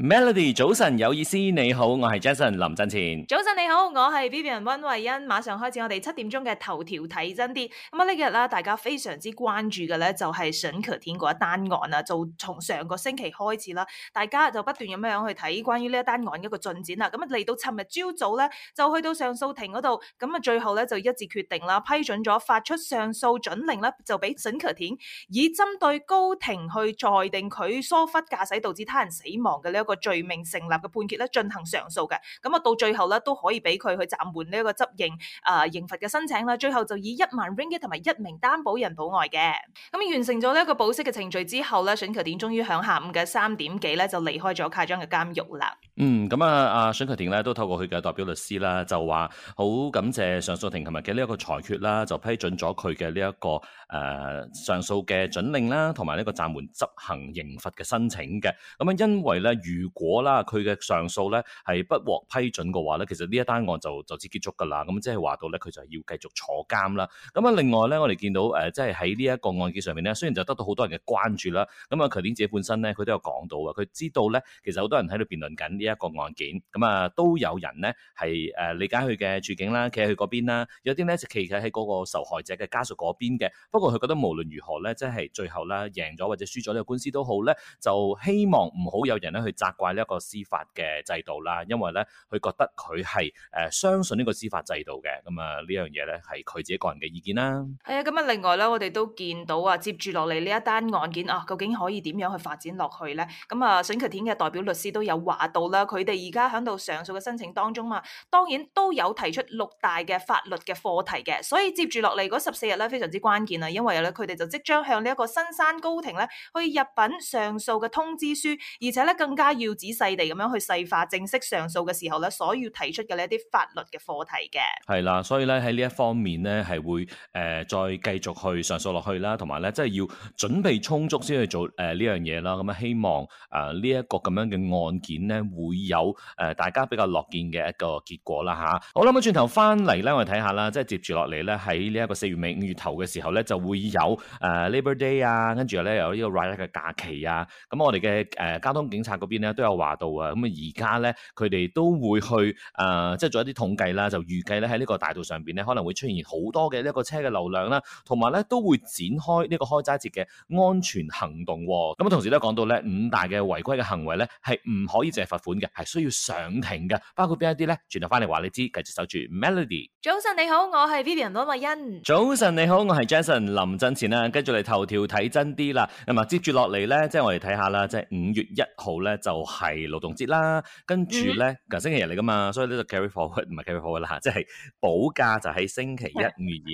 Melody，早晨有意思，你好，我係 Jason 林振前，早晨你好，我係 Vivian 溫慧欣。馬上開始我哋七點鐘嘅頭條睇真啲。咁啊呢日啦，大家非常之關注嘅咧，就係沈卓田嗰一單案啊。就從上個星期開始啦，大家就不斷咁樣去睇關於呢一單案一個進展啦。咁啊嚟到尋日朝早咧，就去到上訴庭嗰度，咁啊最後咧就一致決定啦，批准咗發出上訴准令啦就俾沈卓田以針對高庭去裁定佢疏忽駕駛導致他人死亡嘅呢。個罪名成立嘅判決咧，進行上訴嘅，咁啊到最後咧都可以俾佢去暫緩呢一個執行啊、呃、刑罰嘅申請啦，最後就以一萬 ringgit 同埋一名擔保人保外嘅，咁、嗯、完成咗呢一個保釋嘅程序之後咧 Shankar 點終於響下午嘅三點幾咧就離開咗卡章嘅監獄啦。嗯，咁啊，阿孫啟田咧都透過佢嘅代表律師啦，就話好感謝上訴庭琴日嘅呢一個裁決啦，就批准咗佢嘅呢一個誒、呃、上訴嘅準令啦，同埋呢個暫緩執行刑罰嘅申請嘅。咁啊，因為咧，如果啦佢嘅上訴咧係不獲批准嘅話咧，其實呢一單案就就此結束㗎啦。咁即係話到咧，佢就要繼續坐監啦。咁啊，另外咧，我哋見到誒，即係喺呢一個案件上面咧，雖然就得到好多人嘅關注啦，咁啊，求田自己本身咧，佢都有講到啊，佢知道咧，其實好多人喺度辯論緊呢。一個案件。咁啊，都有人咧係誒理解佢嘅處境啦，企喺佢嗰邊啦。有啲咧就企喺嗰個受害者嘅家屬嗰邊嘅。不過佢覺得無論如何咧，即係最後啦，贏咗或者輸咗呢個官司都好咧，就希望唔好有人咧去責怪呢一個司法嘅制度啦。因為咧，佢覺得佢係誒相信呢個司法制度嘅。咁啊，呢樣嘢咧係佢自己個人嘅意見啦。係啊，咁啊，另外咧，我哋都見到啊，接住落嚟呢一單案件啊，究竟可以點樣去發展落去咧？咁啊，沈其天嘅代表律師都有話到啦。佢哋而家響度上訴嘅申請當中嘛，當然都有提出六大嘅法律嘅課題嘅，所以接住落嚟嗰十四日咧，非常之關鍵啊，因為咧佢哋就即將向呢一個新山高庭咧去入稟上訴嘅通知書，而且咧更加要仔細地咁樣去細化正式上訴嘅時候咧所要提出嘅呢一啲法律嘅課題嘅。係啦，所以咧喺呢一方面咧係會誒、呃、再繼續去上訴落去啦，同埋咧即係要準備充足先去做誒呢、呃、樣嘢啦。咁啊，希望啊呢一個咁樣嘅案件咧會有誒、呃，大家比較樂見嘅一個結果啦嚇、啊。好啦，咁轉頭翻嚟咧，我哋睇下啦，即係接住落嚟咧，喺呢一個四月尾五月頭嘅時候咧，就會有誒、呃、Labour Day 啊，跟住咧有呢個五一嘅假期啊。咁、嗯、我哋嘅誒交通警察嗰邊咧都有話到啊，咁啊而家咧佢哋都會去誒、呃，即係做一啲統計啦，就預計咧喺呢個大道上邊咧可能會出現好多嘅呢一個車嘅流量啦，同埋咧都會展開呢個開齋節嘅安全行動、啊。咁、嗯、同時咧講到咧五大嘅違規嘅行為咧，係唔可以凈係罰。嘅係需要上庭嘅，包括邊一啲咧？轉頭翻嚟話你知，繼續守住 Melody。早晨你好，我係 Vivian 羅慧欣。早晨你好，我係 Jason 林振前啦。跟住嚟頭條睇真啲啦。咁啊，接住落嚟咧，即係、就是、我哋睇下啦，即係五月一號咧就係、是、勞動節啦。跟住咧，就、mm hmm. 星期日嚟噶嘛，所以呢，就 carry forward 唔係 carry forward 啦，即係補假就喺星期一五 月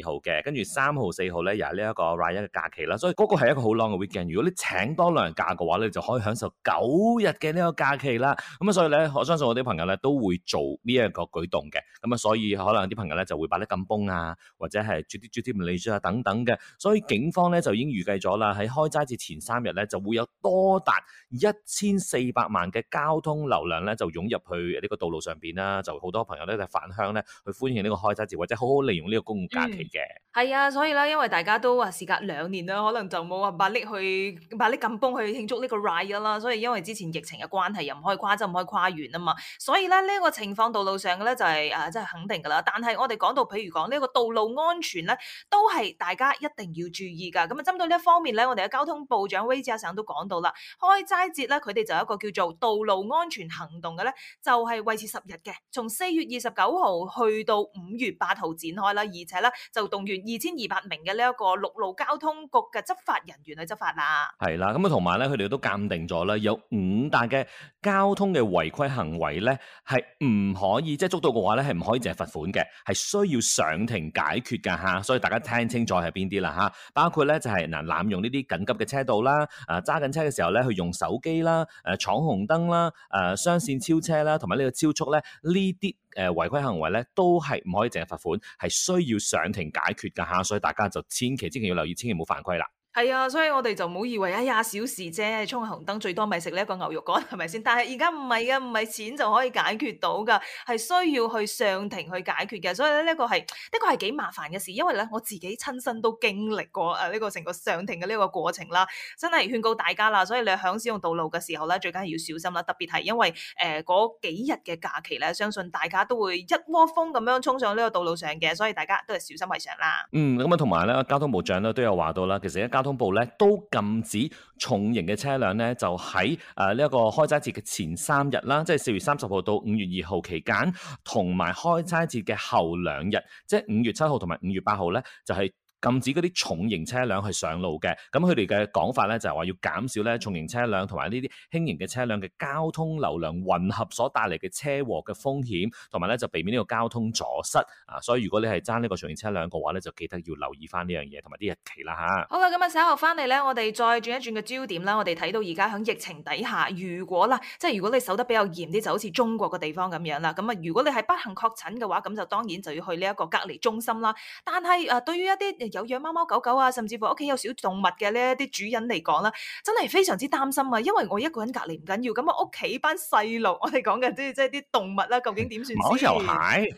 二號嘅。跟住三號、四號咧又係呢一個 right 一嘅假期啦。所以嗰個係一個好 long 嘅 weekend。如果你請多兩日假嘅話咧，你就可以享受九日嘅呢個假期啦。咁、嗯、所以咧，我相信我啲朋友咧都會做呢一個舉動嘅。咁、嗯、啊，所以可能有啲朋友咧就會擺啲錦崩啊，或者係啜啲啜啲檸漬啊等等嘅。所以警方咧就已經預計咗啦，喺開齋節前三日咧就會有多達一千四百萬嘅交通流量咧就湧入去呢個道路上邊啦。就好多朋友咧就返鄉咧去歡迎呢個開齋節或者好好利用呢個公共假期嘅。係、嗯、啊，所以咧，因為大家都話時隔兩年啦，可能就冇話擺搦去擺搦錦崩去慶祝呢個 Raya 啦。所以因為之前疫情嘅關係，又唔可以跨開跨遠啊嘛，所以咧呢個情況，道路上嘅咧就係、是、誒、啊，真係肯定噶啦。但係我哋講到，譬如講呢個道路安全咧，都係大家一定要注意噶。咁啊，針對呢一方面咧，我哋嘅交通部長 Wee Ka Siong 都講到啦，開齋節咧，佢哋就有一個叫做道路安全行動嘅咧，就係維持十日嘅，從四月二十九號去到五月八號展開啦。而且咧就動員二千二百名嘅呢一個陸路交通局嘅執法人員去執法啦。係啦，咁啊同埋咧，佢哋都鑑定咗啦，有五大嘅交通嘅。違規行為咧係唔可以，即係捉到嘅話咧係唔可以淨係罰款嘅，係需要上庭解決噶吓所以大家聽清楚係邊啲啦吓，包括咧就係嗱濫用呢啲緊急嘅車道啦，啊揸緊車嘅時候咧去用手機啦，誒、啊、闖紅燈啦，誒、啊、雙線超車啦，同埋呢個超速咧呢啲誒違規行為咧都係唔可以淨係罰款，係需要上庭解決噶吓所以大家就千祈千祈要留意，千祈唔好犯規啦。係啊，所以我哋就唔好以為啊、哎、呀，小事啫，衝紅燈最多咪食呢一個牛肉乾，係咪先？但係而家唔係啊，唔係錢就可以解決到噶，係需要去上庭去解決嘅。所以呢個係的確係幾麻煩嘅事，因為咧我自己親身都經歷過呢，啊呢個成個上庭嘅呢個過程啦。真係勸告大家啦，所以你響使用道路嘅時候咧，最緊係要，要小心啦。特別係因為誒嗰，呃、幾日嘅假期咧，相信大家都會一窩蜂咁樣衝上呢個道路上嘅，所以大家都係小心為上啦。嗯，咁啊同埋咧，交通部長咧都有話到啦，其實咧通報咧都禁止重型嘅車輛咧，就喺誒呢一個開齋節嘅前三日啦，即係四月三十號到五月二號期間，同埋開齋節嘅後兩日，即係五月七號同埋五月八號咧，就係、是。禁止嗰啲重型車輛去上路嘅，咁佢哋嘅講法咧就係話要減少咧重型車輛同埋呢啲輕型嘅車輛嘅交通流量混合所帶嚟嘅車禍嘅風險，同埋咧就避免呢個交通阻塞啊！所以如果你係爭呢個重型車輛嘅話咧，就記得要留意翻呢樣嘢同埋啲日期啦吓，好啦，咁啊，稍後翻嚟咧，我哋再轉一轉嘅焦點啦。我哋睇到而家喺疫情底下，如果嗱，即係如果你守得比較嚴啲，就好似中國嘅地方咁樣啦。咁啊，如果你係不幸確診嘅話，咁就當然就要去呢一個隔離中心啦。但係啊，對於一啲有養貓貓狗狗啊，甚至乎屋企有小動物嘅呢一啲主人嚟講啦，真係非常之擔心啊！因為我一個人隔離唔緊要，咁我屋企班細路，我哋講嘅即係即係啲動物啦、啊，究竟點算先？毛游蟹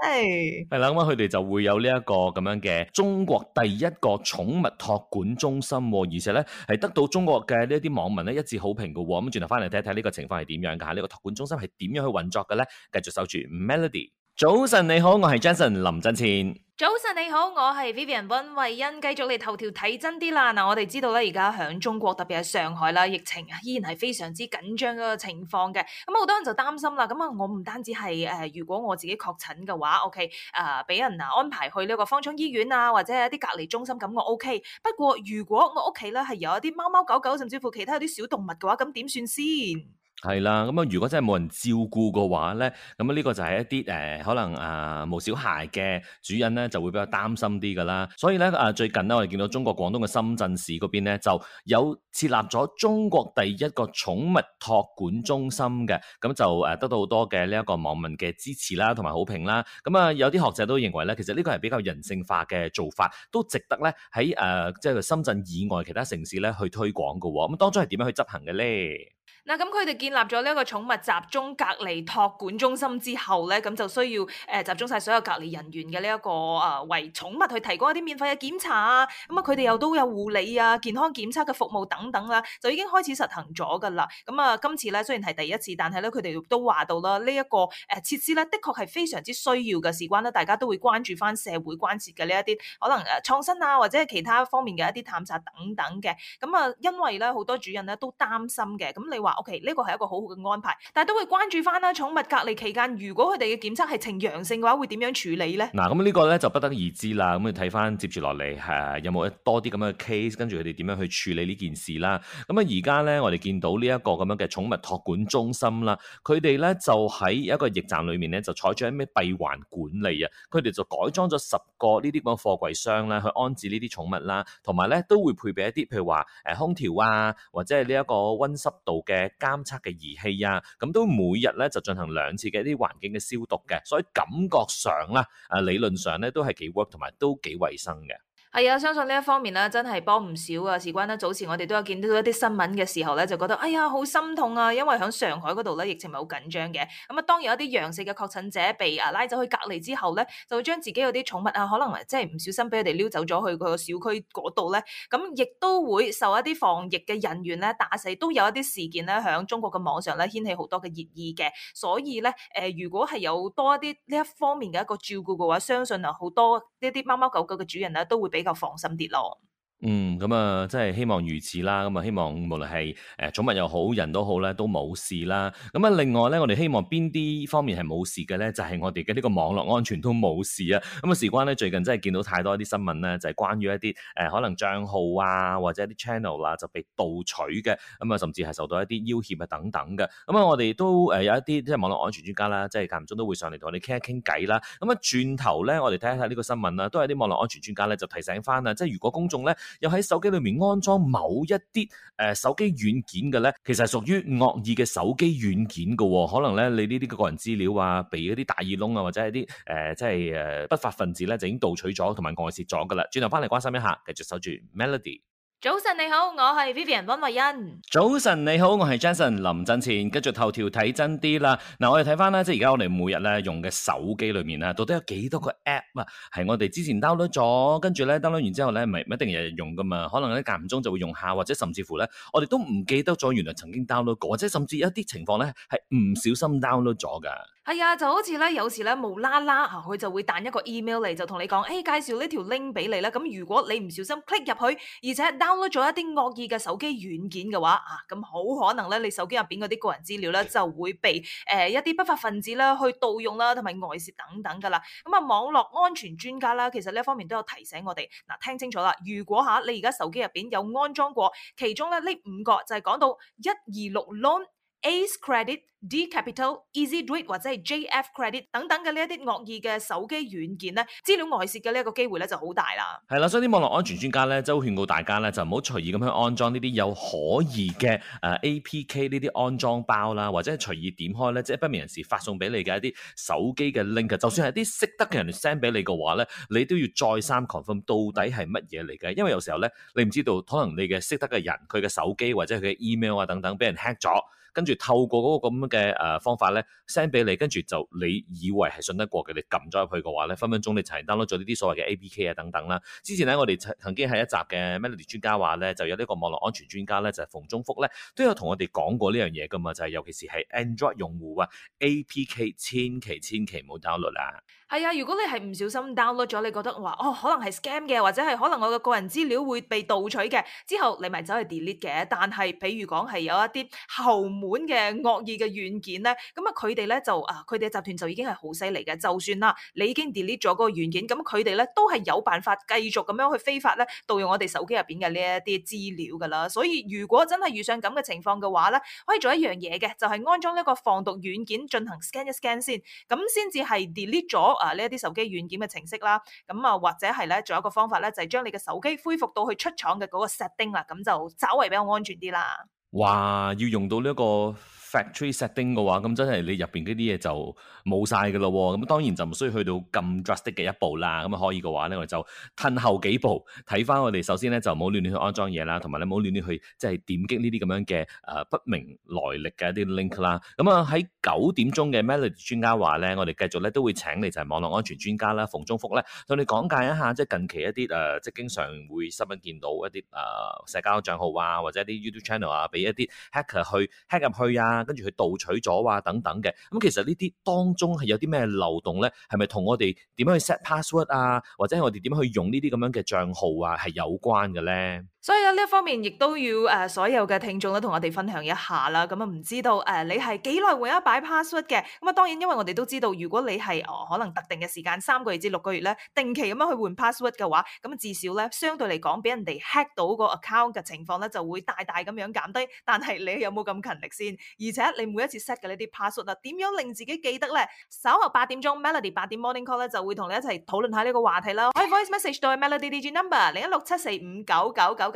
係係啦，咁佢哋就會有呢一個咁樣嘅中國第一個寵物託管中心喎，而且咧係得到中國嘅呢一啲網民咧一致好評嘅喎。咁轉頭翻嚟睇一睇呢個情況係點樣噶？啊？吓，呢個託管中心係點樣去運作嘅咧？繼續守住 Melody。早晨你好，我係 Jason 林振千。早晨你好，我係 Vivian 温慧欣。繼續嚟頭條睇真啲啦。嗱、嗯，我哋知道咧，而家響中國特別係上海啦，疫情啊依然係非常之緊張嘅一個情況嘅。咁、嗯、好多人就擔心啦。咁、嗯、啊，我唔單止係誒、呃，如果我自己確診嘅話，OK，誒、呃、俾人啊安排去呢個方艙醫院啊，或者係一啲隔離中心，咁我 OK。不過如果我屋企咧係有一啲貓貓狗狗，甚至乎其他有啲小動物嘅話，咁點算先？係啦，咁啊，如果真係冇人照顧嘅話咧，咁呢個就係一啲誒、呃，可能啊冇、呃、小孩嘅主人咧就會比較擔心啲噶啦。所以咧、呃、最近咧我哋見到中國廣東嘅深圳市嗰邊咧就有設立咗中國第一個寵物託管中心嘅，咁就誒得到好多嘅呢一個網民嘅支持啦，同埋好評啦。咁啊有啲學者都認為咧，其實呢個係比較人性化嘅做法，都值得咧喺誒即係深圳以外其他城市咧去推廣嘅。咁當中係點樣去執行嘅咧？嗱，咁佢哋建立咗呢一個寵物集中隔離託管中心之後咧，咁就需要誒、呃、集中晒所有隔離人員嘅呢一個啊、呃、為寵物去提供一啲免費嘅檢查啊，咁啊佢哋又都有護理啊、健康檢測嘅服務等等啦，就已經開始實行咗噶啦。咁啊，今次咧雖然係第一次，但係咧佢哋都話到啦，呢一個誒設施咧的確係非常之需要嘅，事關咧大家都會關注翻社會關切嘅呢一啲可能誒創新啊，或者係其他方面嘅一啲探索等等嘅。咁啊，因為咧好多主人咧都擔心嘅，咁你話 OK，呢個係一個好好嘅安排，但係都會關注翻啦。寵物隔離期間，如果佢哋嘅檢測係呈陽性嘅話，會點樣處理咧？嗱，咁呢個咧就不得而知啦。咁你睇翻接住落嚟誒，有冇多啲咁嘅 case，跟住佢哋點樣去處理呢件事啦？咁啊，而家咧我哋見到呢一個咁樣嘅寵物託管中心啦，佢哋咧就喺一個疫站裏面咧就採取一咩閉環管理啊。佢哋就改裝咗十個呢啲咁嘅貨櫃箱啦，去安置呢啲寵物啦，同埋咧都會配備一啲，譬如話誒、呃、空調啊，或者係呢一個温濕度。嘅監測嘅儀器啊，咁都每日咧就進行兩次嘅一啲環境嘅消毒嘅，所以感覺上咧，啊理論上咧都係幾 work 同埋都幾衛生嘅。係啊、哎，相信呢一方面咧，真係幫唔少啊！事關咧，早前我哋都有見到一啲新聞嘅時候咧，就覺得哎呀，好心痛啊！因為喺上海嗰度咧，疫情係好緊張嘅。咁啊，當有一啲陽性嘅確診者被啊拉走去隔離之後咧，就會將自己嗰啲寵物啊，可能即係唔小心俾佢哋溜走咗去個小區嗰度咧。咁亦都會受一啲防疫嘅人員咧，打死，都有一啲事件咧，喺中國嘅網上咧掀起好多嘅熱議嘅。所以咧，誒、呃，如果係有多一啲呢一方面嘅一個照顧嘅話，相信啊好多呢啲貓貓狗狗嘅主人咧都會俾。夠放心啲咯。嗯，咁、嗯、啊，即、嗯、係、嗯嗯、希望如此啦。咁、嗯、啊，希望無論係誒寵物又好，人都好咧，都冇事啦。咁、嗯、啊，另外咧，我哋希望邊啲方面係冇事嘅咧，就係、是、我哋嘅呢個網絡安全都冇事啊。咁、嗯、啊，事關咧，最近真係見到太多啲新聞咧，就係、是、關於一啲誒、呃、可能賬號啊，或者一啲 channel 啊就被盜取嘅。咁、嗯、啊，甚至係受到一啲要挾啊等等嘅。咁、嗯、啊、嗯，我哋都誒、呃、有一啲即係網絡安全專家啦，即係間唔中都會上嚟同我哋傾一傾偈啦。咁、嗯、啊，轉頭咧，我哋睇一睇呢個新聞啦，都係啲網絡安全專家咧就提醒返啦，即係如果公眾咧。又喺手機裏面安裝某一啲，呃、手機軟件嘅呢，其實屬於惡意嘅手機軟件噶、哦，可能呢，你呢啲個人資料啊，被嗰啲大耳窿啊或者一啲誒、呃呃、不法分子呢，就已經盜取咗同埋外泄咗㗎喇。轉頭翻嚟關心一下，繼續守住 Melody。Mel 早晨你好，我係 Vivian 溫慧欣。早晨你好，我係 Jason 林振前。繼續頭條睇真啲啦。嗱，我哋睇返呢，即係而家我哋每日呢用嘅手機裏面啊，到底有幾多個 app 啊？係我哋之前 download 咗，跟住呢 download 完之後呢，唔一定日日用㗎嘛，可能間唔中就會用下，或者甚至乎呢，我哋都唔記得咗原來曾經 download 過，或者甚至有一啲情況呢，係唔小心 download 咗㗎。係啊，就好似咧，有時咧無啦啦啊，佢就會彈一個 email 嚟就同你講，誒、哎、介紹呢條 link 俾你啦。咁如果你唔小心 click 入去，而且 download 咗一啲惡意嘅手機軟件嘅話啊，咁好可能咧你手機入面嗰啲個人資料咧就會被、呃、一啲不法分子咧去盜用啦，同埋外泄等等㗎啦。咁啊，網絡安全專家啦，其實呢一方面都有提醒我哋嗱，聽清楚啦。如果吓，你而家手機入面有安裝過其中咧呢五個，就係講到一二六 loan Ace Credit、Decapital、Easy Rate 或者係 JF Credit 等等嘅呢啲惡意嘅手機軟件咧，資料外泄嘅呢一個機會咧就好大啦。係啦，所以啲網絡安全專家呢，就勸告大家呢，就唔好隨意咁樣安裝呢啲有可疑嘅、呃、APK 呢啲安裝包啦，或者係隨意點開咧，即、係、不明人士發送俾你嘅一啲手機嘅 link，就算係啲識得嘅人 send 俾你嘅話呢，你都要再三 confirm 到底係乜嘢嚟嘅？因為有時候呢，你唔知道可能你嘅識得嘅人佢嘅手機或者佢嘅 email 啊等等俾人 hack 咗。跟住透過嗰個咁樣嘅誒方法咧 send 俾你，跟住就你以為係信得過嘅，你撳咗入去嘅話咧，分分鐘你就係 download 咗呢啲所謂嘅 APK 啊等等啦。之前咧我哋曾經喺一集嘅 Melody 專家話咧，就有呢個網絡安全專家咧，就係、是、馮中福咧，都有同我哋講過呢樣嘢噶嘛，就係、是、尤其是係 Android 用戶啊，APK 千祈千祈唔好 download 啦。係啊，如果你係唔小心 download 咗，你覺得話哦，可能係 scam 嘅，或者係可能我嘅個人資料會被盜取嘅，之後你咪走去 delete 嘅。但係，比如講係有一啲後門嘅惡意嘅軟件咧，咁啊，佢哋咧就啊，佢哋嘅集團就已經係好犀利嘅。就算啦，你已經 delete 咗嗰個軟件，咁佢哋咧都係有辦法繼續咁樣去非法咧盜用我哋手機入邊嘅呢一啲資料噶啦。所以如果真係遇上咁嘅情況嘅話咧，可以做一樣嘢嘅，就係安裝一個防毒軟件進行 scan 一 scan 先，咁先至係 delete 咗。啊！呢一啲手機軟件嘅程式啦，咁啊或者係咧，仲有一個方法咧，就係、是、將你嘅手機恢復到去出廠嘅嗰個 setting 啦、啊，咁就稍為比較安全啲啦。哇！要用到呢、這、一個。Factory setting 嘅話，咁真係你入邊啲嘢就冇晒嘅咯喎，咁當然就唔需要去到咁 drastic 嘅一步啦。咁可以嘅話咧，我哋就褪後幾步，睇翻我哋首先咧就唔好亂亂去安裝嘢啦，同埋你唔好亂亂去即係、就是、點擊呢啲咁樣嘅誒、呃、不明來歷嘅一啲 link 啦。咁啊喺九點鐘嘅 Melody 專家話咧，我哋繼續咧都會請你，就係網絡安全專家啦，馮忠福咧同你講解一下，即係近期一啲誒、呃、即係經常會新聞見到一啲誒、呃、社交賬號啊，或者一啲 YouTube channel 啊，俾一啲 hacker 去 hack 去入去啊。跟住佢盜取咗啊等等嘅，咁、嗯、其實呢啲當中係有啲咩漏洞咧？係咪同我哋點樣去 set password 啊，或者我哋點樣去用呢啲咁樣嘅賬號啊係有關嘅咧？所以呢一方面亦都要誒所有嘅聽眾咧同我哋分享一下啦。咁啊唔知道誒你係幾耐換一擺 password 嘅？咁啊當然，因為我哋都知道，如果你係哦可能特定嘅時間三個月至六個月咧，定期咁樣去換 password 嘅話，咁至少咧相對嚟講俾人哋 hack 到個 account 嘅情況咧就會大大咁樣減低。但係你有冇咁勤力先？而且你每一次 set 嘅呢啲 password 啊，點樣令自己記得咧？稍後八點鐘 Melody 八點 morning call 咧就會同你一齊討論下呢個話題啦。 可以 voice message 到 Melody D J number 零一六七四五九九九。